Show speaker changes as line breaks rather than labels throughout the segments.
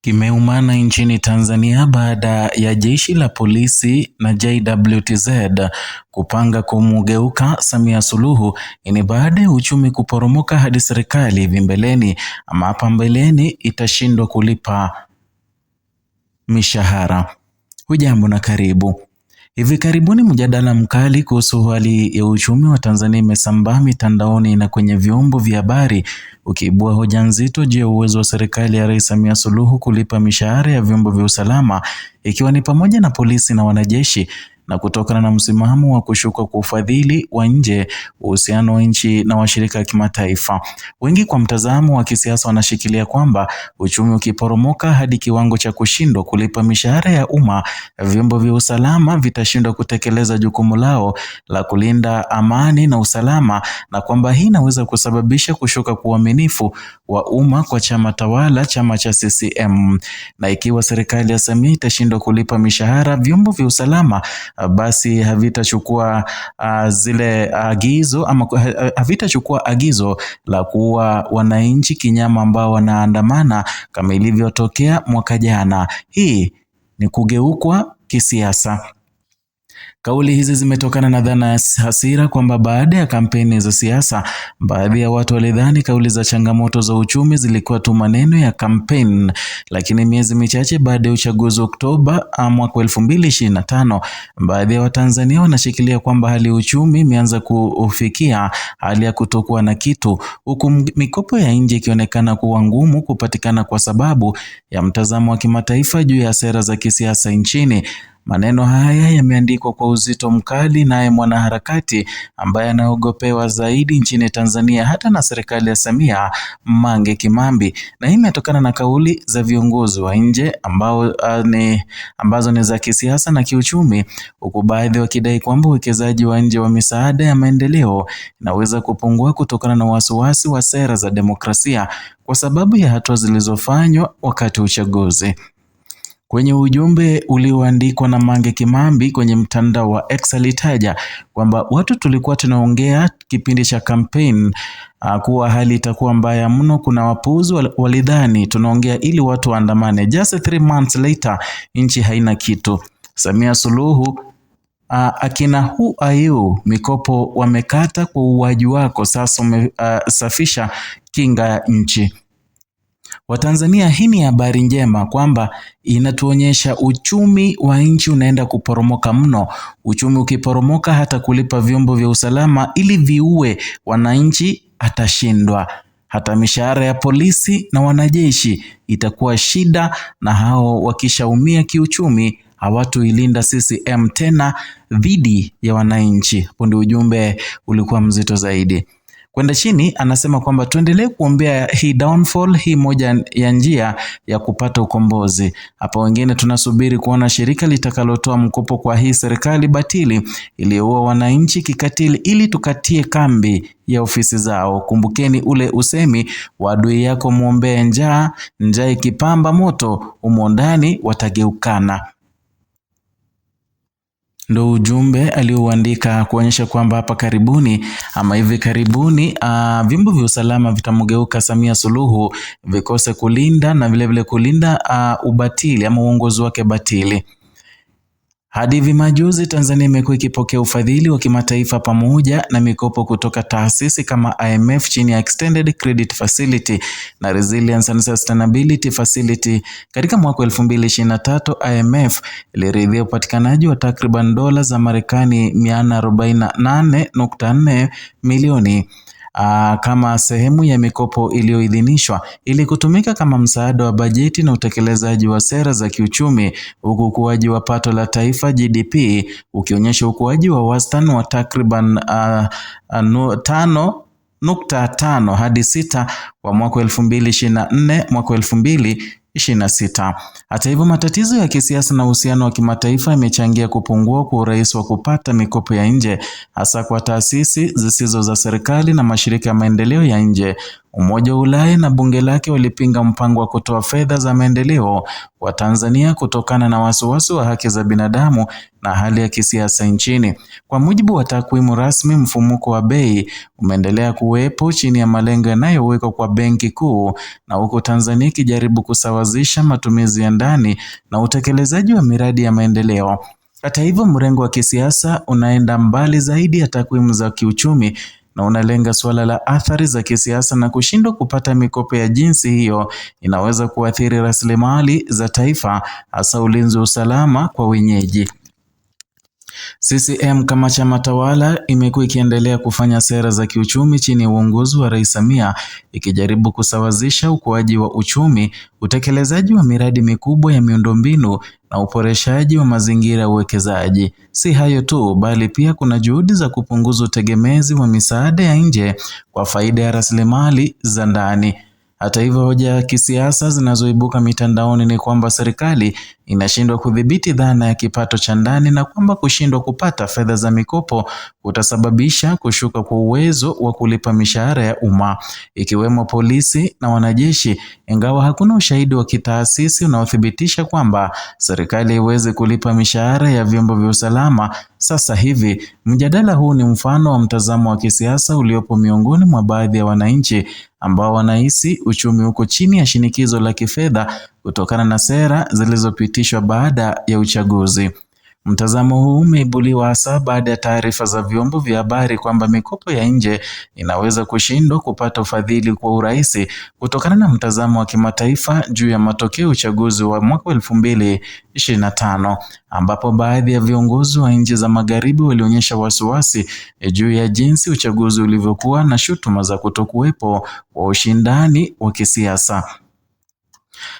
kimeumana nchini Tanzania baada ya jeshi la polisi na JWTZ kupanga kumugeuka Samia Suluhu. Ni baada ya uchumi kuporomoka hadi serikali hivi mbeleni ama hapa mbeleni itashindwa kulipa mishahara. Hujambo na karibu. Hivi karibuni mjadala mkali kuhusu hali ya uchumi wa Tanzania imesambaa mitandaoni na kwenye vyombo vya habari ukiibua hoja nzito juu ya uwezo wa serikali ya Rais Samia Suluhu kulipa mishahara ya vyombo vya usalama ikiwa ni pamoja na polisi na wanajeshi na kutokana na msimamo wa kushuka kwa ufadhili wa nje, uhusiano wa nchi na washirika wa kimataifa. Wengi kwa mtazamo wa kisiasa wanashikilia kwamba uchumi ukiporomoka hadi kiwango cha kushindwa kulipa mishahara ya umma, vyombo vya usalama vitashindwa kutekeleza jukumu lao la kulinda amani na usalama, na kwamba hii inaweza kusababisha kushuka kwa uaminifu wa umma kwa chama tawala, chama cha CCM. Na ikiwa serikali ya Samia itashindwa kulipa mishahara, vyombo vya usalama Ah, basi havitachukua uh, zile agizo ama havitachukua agizo la kuwa wananchi kinyama ambao wanaandamana kama ilivyotokea mwaka jana. Hii ni kugeukwa kisiasa. Kauli hizi zimetokana na dhana ya hasira kwamba baada ya kampeni za siasa, baadhi ya watu walidhani kauli za changamoto za uchumi zilikuwa tu maneno ya kampeni, lakini miezi michache baada ya uchaguzi wa Oktoba ah, mwaka 2025, baadhi ya Watanzania wanashikilia kwamba hali ya uchumi imeanza kufikia hali ya kutokuwa na kitu, huku mikopo ya nje ikionekana kuwa ngumu kupatikana kwa sababu ya mtazamo wa kimataifa juu ya sera za kisiasa nchini. Maneno haya yameandikwa kwa uzito mkali, naye mwanaharakati ambaye anaogopewa zaidi nchini Tanzania hata na serikali ya Samia, Mange Kimambi, na hii imetokana na kauli za viongozi wa nje ambao ni ambazo ni za kisiasa na kiuchumi, huku baadhi wakidai kwamba uwekezaji wa nje wa misaada ya maendeleo inaweza kupungua kutokana na wasiwasi wa sera za demokrasia kwa sababu ya hatua zilizofanywa wakati wa uchaguzi. Kwenye ujumbe ulioandikwa na Mange Kimambi kwenye mtandao wa X alitaja kwamba watu tulikuwa tunaongea kipindi cha kampeni ah, kuwa hali itakuwa mbaya mno. Kuna wapuuzi walidhani tunaongea ili watu waandamane. Just three months later, nchi haina kitu. Samia Suluhu ah, akina who are you mikopo wamekata kwa uuaji wako, sasa umesafisha ah, kinga ya nchi. Watanzania, hii ni habari njema kwamba inatuonyesha uchumi wa nchi unaenda kuporomoka mno. Uchumi ukiporomoka, hata kulipa vyombo vya usalama ili viue wananchi atashindwa, hata mishahara ya polisi na wanajeshi itakuwa shida, na hao wakishaumia kiuchumi hawatuilinda CCM tena dhidi ya wananchi. Hapo ndio ujumbe ulikuwa mzito zaidi. Kwenda chini anasema kwamba tuendelee kuombea hii downfall, hii moja ya njia ya kupata ukombozi. hapa wengine tunasubiri kuona shirika litakalotoa mkopo kwa hii serikali batili iliyoua wananchi kikatili ili tukatie kambi ya ofisi zao. Kumbukeni ule usemi wa adui yako mwombee njaa, njaa ikipamba moto humo ndani watageukana. Ndo ujumbe aliouandika kuonyesha kwamba hapa karibuni ama hivi karibuni uh, vyombo vya usalama vitamgeuka Samia Suluhu vikose kulinda na vilevile vile kulinda uh, ubatili ama uongozi wake batili. Hadi hivi majuzi Tanzania imekuwa ikipokea ufadhili wa kimataifa pamoja na mikopo kutoka taasisi kama IMF chini ya Extended Credit Facility na Resilience and Sustainability Facility. Katika mwaka 2023, IMF iliridhia upatikanaji wa takriban dola za Marekani 448.4 milioni aa, ah, kama sehemu ya mikopo iliyoidhinishwa ili kutumika kama msaada wa bajeti na utekelezaji wa sera za kiuchumi, huku ukuaji wa pato la taifa GDP ukionyesha ukuaji wa wastani wa takriban ah, ah, tano nukta tano hadi sita kwa mwaka wa elfu mbili ishirini na nne mwaka elfu mbili 26. Hata hivyo, matatizo ya kisiasa na uhusiano wa kimataifa yamechangia kupungua kwa urahisi wa kupata mikopo ya nje hasa kwa taasisi zisizo za serikali na mashirika ya maendeleo ya nje. Umoja wa Ulaya na bunge lake walipinga mpango wa kutoa fedha za maendeleo wa Tanzania kutokana na wasiwasi wa haki za binadamu na hali ya kisiasa nchini. Kwa mujibu wa takwimu rasmi, mfumuko wa bei umeendelea kuwepo chini ya malengo yanayowekwa kwa Benki Kuu, na huko Tanzania ikijaribu kusawazisha matumizi ya ndani na utekelezaji wa miradi ya maendeleo. Hata hivyo, mrengo wa kisiasa unaenda mbali zaidi ya takwimu za kiuchumi na unalenga suala la athari za kisiasa na kushindwa kupata mikopo ya jinsi hiyo inaweza kuathiri rasilimali za taifa hasa ulinzi wa usalama kwa wenyeji. CCM kama chama tawala imekuwa ikiendelea kufanya sera za kiuchumi chini ya uongozi wa Rais Samia, ikijaribu kusawazisha ukuaji wa uchumi, utekelezaji wa miradi mikubwa ya miundombinu na uboreshaji wa mazingira ya uwekezaji. Si hayo tu, bali pia kuna juhudi za kupunguza utegemezi wa misaada ya nje kwa faida ya rasilimali za ndani. Hata hivyo, hoja ya kisiasa zinazoibuka mitandaoni ni kwamba serikali inashindwa kudhibiti dhana ya kipato cha ndani na kwamba kushindwa kupata fedha za mikopo utasababisha kushuka kwa uwezo wa kulipa mishahara ya umma ikiwemo polisi na wanajeshi, ingawa hakuna ushahidi wa kitaasisi unaothibitisha kwamba serikali iweze kulipa mishahara ya vyombo vya usalama sasa hivi. Mjadala huu ni mfano wa mtazamo wa kisiasa uliopo miongoni mwa baadhi ya wananchi ambao wanahisi uchumi uko chini ya shinikizo la kifedha kutokana na sera zilizopitishwa baada ya uchaguzi. Mtazamo huu umeibuliwa hasa baada ya taarifa za vyombo vya habari kwamba mikopo ya nje inaweza kushindwa kupata ufadhili kwa urahisi kutokana na mtazamo wa kimataifa juu ya matokeo ya uchaguzi wa mwaka elfu mbili ishirini na tano ambapo baadhi ya viongozi wa nchi za magharibi walionyesha wasiwasi juu ya jinsi uchaguzi ulivyokuwa na shutuma za kutokuwepo kwa ushindani wa kisiasa.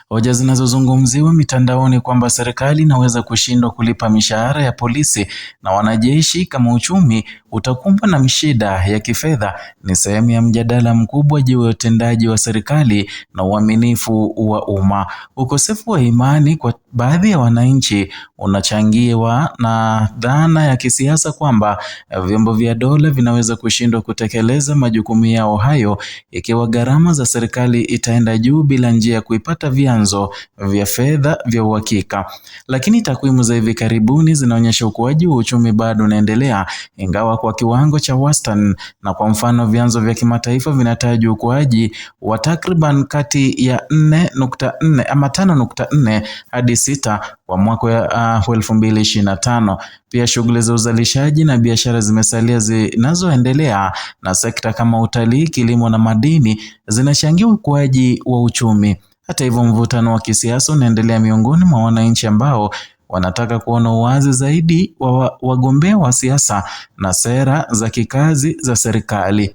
Hoja zinazozungumziwa mitandaoni kwamba serikali inaweza kushindwa kulipa mishahara ya polisi na wanajeshi kama uchumi utakumbwa na mshida ya kifedha ni sehemu ya mjadala mkubwa juu ya utendaji wa serikali na uaminifu wa umma. Ukosefu wa imani kwa baadhi ya wananchi unachangiwa na dhana ya kisiasa kwamba vyombo vya dola vinaweza kushindwa kutekeleza majukumu yao hayo ikiwa gharama za serikali itaenda juu bila njia ya kuipata vyanzo vya fedha vya uhakika. Lakini takwimu za hivi karibuni zinaonyesha ukuaji wa uchumi bado unaendelea, ingawa kwa kiwango cha wastani, na kwa mfano vyanzo vya kimataifa vinataja ukuaji wa takriban kati ya 4.4 ama 5.4 hadi 6 kwa mwaka wa uh, 2025. Pia shughuli za uzalishaji na biashara zimesalia zinazoendelea na sekta kama utalii, kilimo na madini zinachangia ukuaji wa uchumi. Hata hivyo, mvutano wa kisiasa unaendelea miongoni mwa wananchi ambao wanataka kuona uwazi zaidi wa wagombea wa siasa na sera za kikazi za serikali.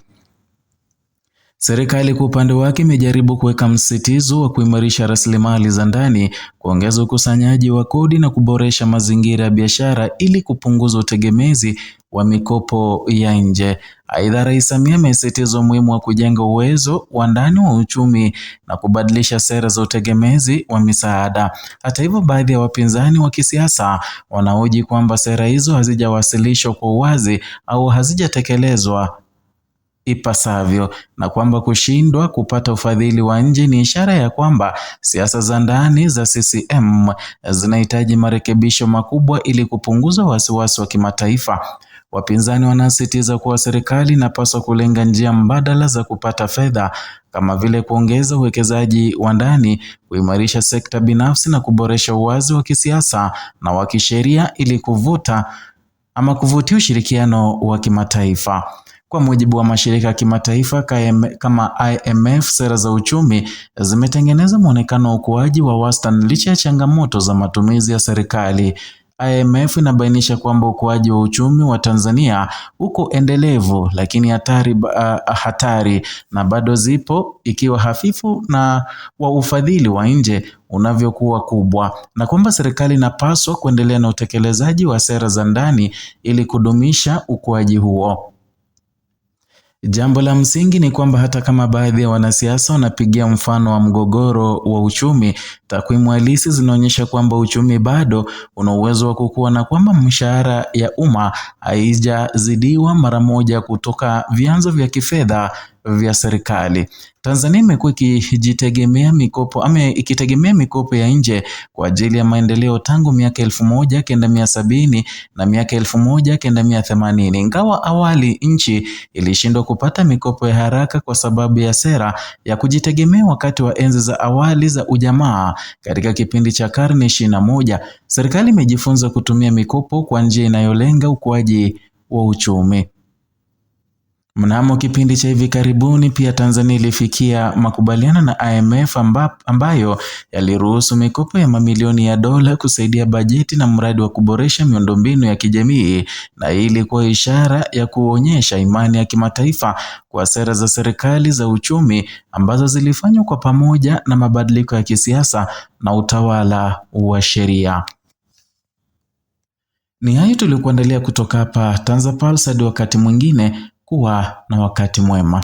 Serikali kwa upande wake imejaribu kuweka msitizo wa kuimarisha rasilimali za ndani, kuongeza ukusanyaji wa kodi na kuboresha mazingira ya biashara ili kupunguza utegemezi wa mikopo ya nje. Aidha, Rais Samia amesisitiza umuhimu wa kujenga uwezo wa ndani wa uchumi na kubadilisha sera za utegemezi wa misaada. Hata hivyo, baadhi ya wapinzani wa kisiasa wanahoji kwamba sera hizo hazijawasilishwa kwa uwazi au hazijatekelezwa ipasavyo na kwamba kushindwa kupata ufadhili wa nje ni ishara ya kwamba siasa za ndani za CCM zinahitaji marekebisho makubwa ili kupunguza wasiwasi wa kimataifa. Wapinzani wanasisitiza kuwa serikali inapaswa kulenga njia mbadala za kupata fedha kama vile kuongeza uwekezaji wa ndani, kuimarisha sekta binafsi na kuboresha uwazi wa kisiasa na wa kisheria ili kuvuta ama kuvutia ushirikiano wa kimataifa. Kwa mujibu wa mashirika ya kimataifa kama IMF, sera za uchumi zimetengeneza mwonekano wa ukuaji wa wastani licha ya changamoto za matumizi ya serikali. IMF inabainisha kwamba ukuaji wa uchumi wa Tanzania uko endelevu lakini hatari, uh, hatari na bado zipo ikiwa hafifu na wa ufadhili wa nje unavyokuwa kubwa na kwamba serikali inapaswa kuendelea na utekelezaji wa sera za ndani ili kudumisha ukuaji huo. Jambo la msingi ni kwamba hata kama baadhi ya wanasiasa wanapigia mfano wa mgogoro wa uchumi, takwimu halisi zinaonyesha kwamba uchumi bado una uwezo wa kukua na kwamba mishahara ya umma haijazidiwa mara moja kutoka vyanzo vya kifedha vya serikali. Tanzania imekuwa ikijitegemea mikopo ama ikitegemea mikopo ya nje kwa ajili ya maendeleo tangu miaka elfu moja kenda mia sabini na miaka elfu moja kenda mia themanini ingawa awali nchi ilishindwa kupata mikopo ya haraka kwa sababu ya sera ya kujitegemea wakati wa enzi za awali za ujamaa. Katika kipindi cha karne ishirini na moja serikali imejifunza kutumia mikopo kwa njia inayolenga ukuaji wa uchumi. Mnamo kipindi cha hivi karibuni pia Tanzania ilifikia makubaliano na IMF amba, ambayo yaliruhusu mikopo ya mamilioni ya dola kusaidia bajeti na mradi wa kuboresha miundombinu ya kijamii na hii ilikuwa ishara ya kuonyesha imani ya kimataifa kwa sera za serikali za uchumi ambazo zilifanywa kwa pamoja na mabadiliko ya kisiasa na utawala wa sheria. Ni hayo tuliokuandalia kutoka hapa TanzaPulse hadi wakati mwingine kuwa na wakati mwema.